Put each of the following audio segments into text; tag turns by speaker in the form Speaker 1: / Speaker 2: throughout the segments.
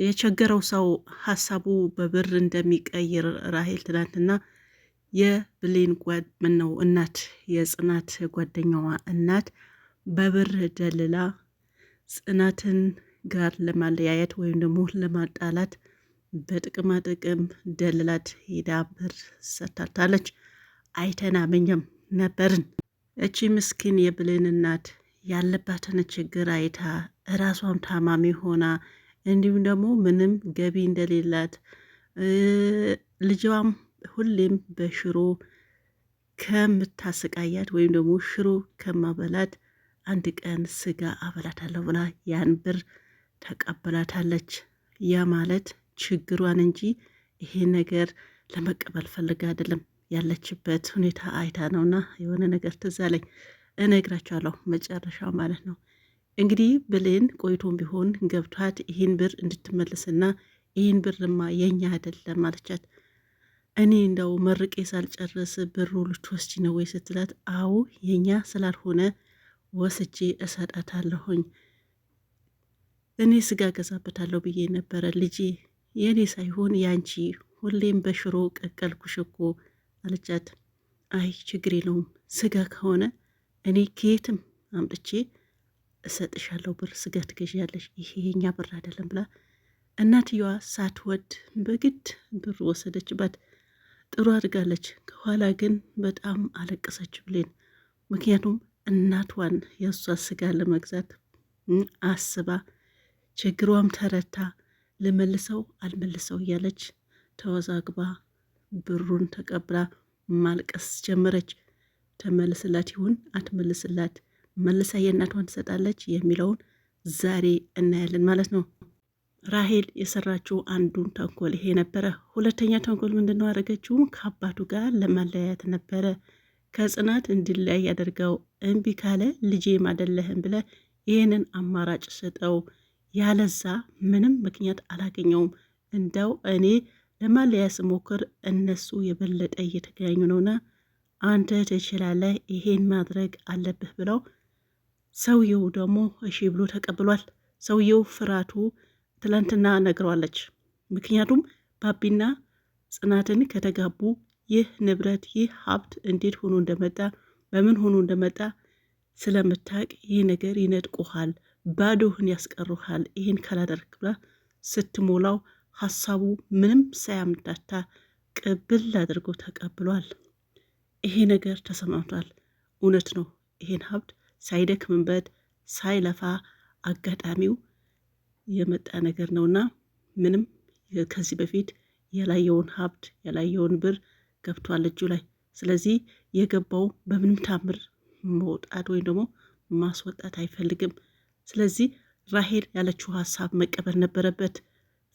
Speaker 1: የቸገረው ሰው ሀሳቡ በብር እንደሚቀይር ራሄል ትናንትና የብሌን ምነው እናት የጽናት ጓደኛዋ እናት በብር ደልላ ጽናትን ጋር ለማለያየት ወይም ደግሞ ለማጣላት በጥቅማ ጥቅም ደልላት ሄዳ ብር ሰታታለች። አይተናመኝም ነበርን። እቺ ምስኪን የብሌን እናት ያለባትን ችግር አይታ እራሷም ታማሚ ሆና እንዲሁም ደግሞ ምንም ገቢ እንደሌላት ልጅዋም ሁሌም በሽሮ ከምታሰቃያት ወይም ደግሞ ሽሮ ከማበላት አንድ ቀን ስጋ አበላታለሁ ብላ ያን ብር ተቀበላታለች። ያ ማለት ችግሯን እንጂ ይሄ ነገር ለመቀበል ፈልጋ አይደለም። ያለችበት ሁኔታ አይታ ነውና የሆነ ነገር ትዝ አለኝ። እነግራችኋለሁ መጨረሻው ማለት ነው። እንግዲህ ብሌን ቆይቶም ቢሆን ገብቷት ይህን ብር እንድትመልስና ይህን ብርማ የኛ አይደለም አለቻት። እኔ እንደው መርቄ ሳልጨርስ ብሩ ልትወስጂ ነው ወይ ስትላት፣ አዎ የኛ ስላልሆነ ወስጄ እሰጣታለሁኝ እኔ ስጋ ገዛበታለሁ ብዬ ነበረ ልጄ፣ የእኔ ሳይሆን ያንቺ፣ ሁሌም በሽሮ ቀቀልኩሽ እኮ አለቻት። አይ ችግር የለውም ስጋ ከሆነ እኔ ከየትም አምጥቼ እሰጥሻለሁ ብር ስጋ ትገዣለሽ፣ ይሄ የኛ ብር አይደለም ብላ እናትየዋ ሳትወድ በግድ ብር ወሰደችባት። ጥሩ አድርጋለች። ከኋላ ግን በጣም አለቀሰች ብሌን። ምክንያቱም እናቷን የእሷ ስጋ ለመግዛት አስባ ችግሯም ተረታ። ልመልሰው አልመልሰው እያለች ተወዛግባ ብሩን ተቀብላ ማልቀስ ጀመረች። ተመልስላት ይሁን አትመልስላት መልሳ የእናቷን ትሰጣለች የሚለውን ዛሬ እናያለን ማለት ነው። ራሄል የሰራችው አንዱን ተንኮል ይሄ ነበረ። ሁለተኛ ተንኮል ምንድን ነው ያደረገችውም? ከአባቱ ጋር ለማለያየት ነበረ። ከጽናት እንዲለያይ ያደርገው እምቢ ካለ ልጄም አይደለህም ብለ ይህንን አማራጭ ስጠው፣ ያለዛ ምንም ምክንያት አላገኘውም። እንደው እኔ ለማለያ ስሞክር እነሱ የበለጠ እየተገናኙ ነውና አንተ ትችላለህ፣ ይሄን ማድረግ አለብህ ብለው ሰውየው ደግሞ እሺ ብሎ ተቀብሏል። ሰውየው ፍርሃቱ ትላንትና ነግረዋለች። ምክንያቱም ባቢና ጽናትን ከተጋቡ ይህ ንብረት ይህ ሀብት እንዴት ሆኖ እንደመጣ በምን ሆኖ እንደመጣ ስለምታቅ ይህ ነገር ይነጥቁሃል፣ ባዶህን ያስቀሩሃል፣ ይህን ካላደርግ ብላ ስትሞላው ሀሳቡ ምንም ሳያምታታ ቅብል አድርጎ ተቀብሏል። ይሄ ነገር ተሰማምቷል። እውነት ነው ይሄን ሀብት ሳይደክምበት ሳይለፋ አጋጣሚው የመጣ ነገር ነውና ምንም ከዚህ በፊት የላየውን ሀብት የላየውን ብር ገብቷል እጁ ላይ። ስለዚህ የገባው በምንም ታምር መውጣት ወይም ደግሞ ማስወጣት አይፈልግም። ስለዚህ ራሄል ያለችው ሀሳብ መቀበል ነበረበት፣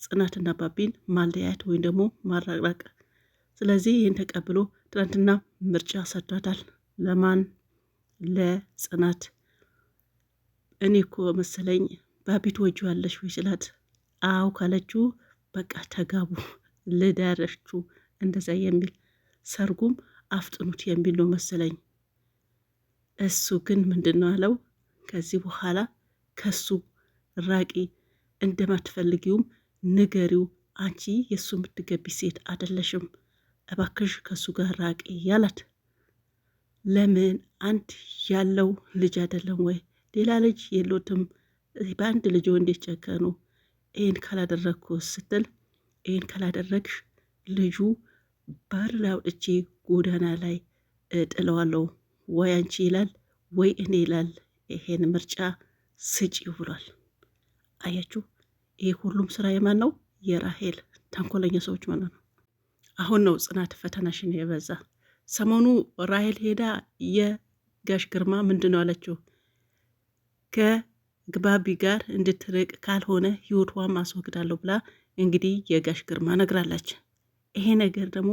Speaker 1: ጽናትና ባቢን ማለያየት ወይም ደግሞ ማራቅራቅ። ስለዚህ ይህን ተቀብሎ ትናንትና ምርጫ ሰጥቷታል። ለማን ለጽናት እኔ እኮ መሰለኝ ባቢት ወጁ ያለሽ ወይ ስላት አው ካለችው በቃ ተጋቡ ልዳረችው እንደዛ የሚል ሰርጉም አፍጥኑት የሚል ነው መሰለኝ። እሱ ግን ምንድን ነው ያለው? ከዚህ በኋላ ከሱ ራቂ፣ እንደማትፈልጊውም ንገሪው። አንቺ የእሱ የምትገቢ ሴት አይደለሽም፣ እባክሽ ከሱ ጋር ራቂ ያላት ለምን አንድ ያለው ልጅ አይደለም ወይ? ሌላ ልጅ የሎትም? በአንድ ልጅ እንዴት ጨከኑ? ይህን ካላደረግኩ ስትል ይህን ካላደረግሽ ልጁ ባር አውጥቼ ጎዳና ላይ እጥለዋለሁ ወይ አንቺ ይላል ወይ እኔ ይላል። ይሄን ምርጫ ስጪ ብሏል። አያችሁ፣ ይህ ሁሉም ስራ የማን ነው? የራሄል ተንኮለኛ ሰዎች ማለት ነው። አሁን ነው ጽናት ፈተናሽን የበዛ ሰሞኑ ራሄል ሄዳ የጋሽ ግርማ ምንድን ነው አለችው ከግባቢ ጋር እንድትርቅ ካልሆነ ህይወቷን ማስወግዳለሁ ብላ እንግዲህ የጋሽ ግርማ ነግራለች። ይሄ ነገር ደግሞ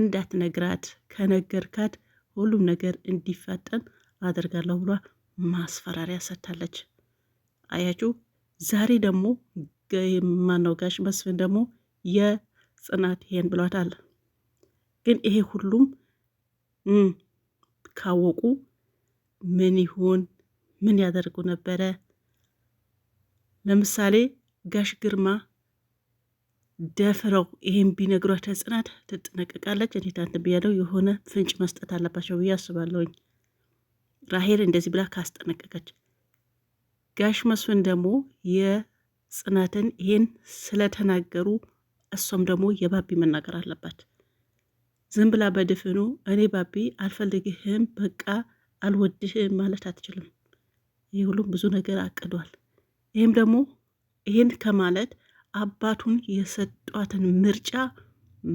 Speaker 1: እንዳትነግራት ከነገርካት ሁሉም ነገር እንዲፋጠን አደርጋለሁ ብሏ ማስፈራሪያ ሰጥታለች። አያችሁ ዛሬ ደግሞ ማነው ጋሽ መስፍን ደግሞ የጽናት ይሄን ብሏታል። ግን ይሄ ሁሉም ካወቁ ምን ይሆን ምን ያደርጉ ነበረ? ለምሳሌ ጋሽ ግርማ ደፍረው ይሄን ቢነግሯቸው ጽናት ትጠነቀቃለች። እኔ ታንት ብያለው የሆነ ፍንጭ መስጠት አለባቸው ብዬ አስባለሁኝ። ራሄል እንደዚህ ብላ ካስጠነቀቀች፣ ጋሽ መስፍን ደግሞ የጽናትን ይሄን ስለተናገሩ እሷም ደግሞ የባቢ መናገር አለባት። ዝም ብላ በድፍኑ እኔ ባቢ አልፈልግህም፣ በቃ አልወድህም ማለት አትችልም። ይህ ሁሉም ብዙ ነገር አቅዷል። ይህም ደግሞ ይህን ከማለት አባቱን የሰጧትን ምርጫ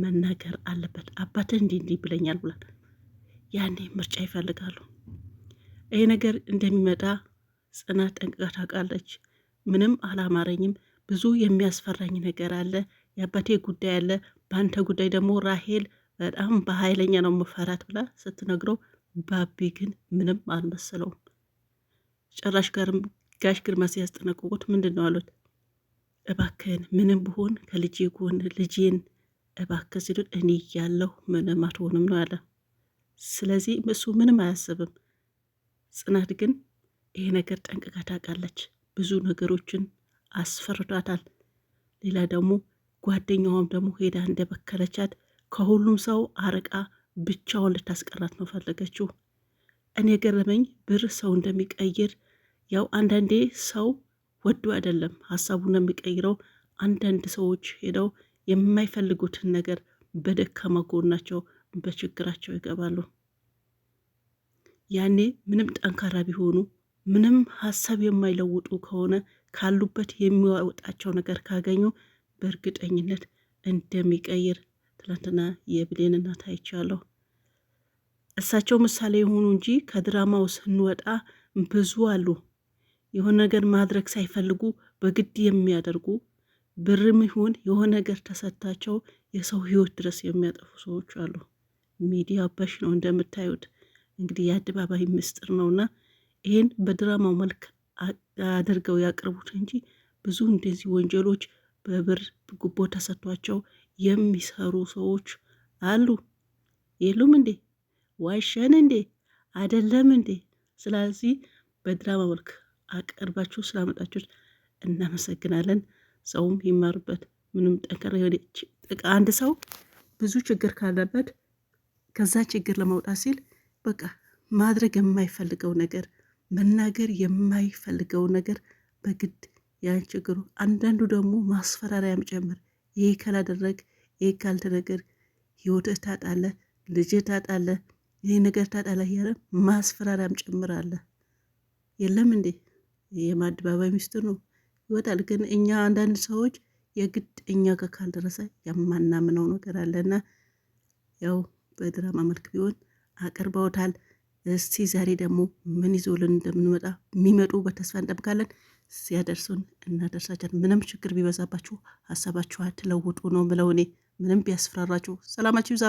Speaker 1: መናገር አለበት። አባትህ እንዲህ እንዲህ ብለኛል ብሏል። ያኔ ምርጫ ይፈልጋሉ። ይሄ ነገር እንደሚመጣ ጽናት ጠንቅቃ ታውቃለች። ምንም አላማረኝም፣ ብዙ የሚያስፈራኝ ነገር አለ፣ የአባቴ ጉዳይ አለ፣ በአንተ ጉዳይ ደግሞ ራሄል በጣም በኃይለኛ ነው መፈራት ብላ ስትነግረው ባቢ ግን ምንም አልመሰለውም። ጭራሽ ጋርም ጋሽ ግርማ ሲያስጠነቅቁት ምንድን ነው አሉት፣ እባክህን ምንም ብሆን ከልጄ ጎን ልጄን እባክህ ሲሉት እኔ እያለሁ ምንም አትሆንም ነው ያለ። ስለዚህ እሱ ምንም አያስብም። ጽናት ግን ይሄ ነገር ጠንቅቃ ታውቃለች። ብዙ ነገሮችን አስፈርዷታል። ሌላ ደግሞ ጓደኛዋም ደግሞ ሄዳ እንደበከለቻት ከሁሉም ሰው አርቃ ብቻውን ልታስቀራት ነው ፈለገችው። እኔ ገረመኝ። ብር ሰው እንደሚቀይር ያው አንዳንዴ ሰው ወዶ አይደለም ሀሳቡን የሚቀይረው። አንዳንድ ሰዎች ሄደው የማይፈልጉትን ነገር በደካማ ጎናቸው በችግራቸው ይገባሉ። ያኔ ምንም ጠንካራ ቢሆኑ ምንም ሀሳብ የማይለውጡ ከሆነ ካሉበት የሚወጣቸው ነገር ካገኙ በእርግጠኝነት እንደሚቀይር ትናንትና የብሌን እናት አይቻለሁ። እሳቸው ምሳሌ የሆኑ እንጂ ከድራማው ስንወጣ ብዙ አሉ። የሆነ ነገር ማድረግ ሳይፈልጉ በግድ የሚያደርጉ ብርም ይሁን የሆነ ነገር ተሰጥታቸው የሰው ሕይወት ድረስ የሚያጠፉ ሰዎች አሉ። ሚዲያ በሽ ነው እንደምታዩት። እንግዲህ የአደባባይ ምስጢር ነውና ይህን በድራማው መልክ አድርገው ያቅርቡት እንጂ ብዙ እንደዚህ ወንጀሎች በብር ጉቦ ተሰጥቷቸው የሚሰሩ ሰዎች አሉ። የሉም እንዴ? ዋሸን እንዴ? አይደለም እንዴ? ስለዚህ በድራማ መልክ አቀርባችሁ ስላመጣችሁ እናመሰግናለን። ሰውም ይማርበት። ምንም ጠንከር የሆነ አንድ ሰው ብዙ ችግር ካለበት ከዛ ችግር ለማውጣት ሲል በቃ ማድረግ የማይፈልገው ነገር መናገር የማይፈልገው ነገር በግድ ያን ችግሩ አንዳንዱ ደግሞ ማስፈራሪያም ጨምር ይህ ካላደረግ፣ ይህ ካልተነገር ህይወትህ ታጣለ ልጅህ ታጣለ ይህ ነገር ታጣለ እያለ ማስፈራሪያም ጭምር አለ። የለም እንዴ የማድባባይ ሚስጥር ነው ይወጣል። ግን እኛ አንዳንድ ሰዎች የግድ እኛ ጋር ካልደረሰ የማናምነው ነገር አለና ያው በድራማ መልክ ቢሆን አቅርበውታል። እስቲ ዛሬ ደግሞ ምን ይዞልን እንደምንመጣ የሚመጡ በተስፋ እንጠብቃለን። ሲያደርሱን እናደርሳቸዋለን። ምንም ችግር ቢበዛባችሁ ሀሳባችሁ አትለውጡ ነው ምለው እኔ ምንም ቢያስፈራራችሁ ሰላማችሁ ይብዛ።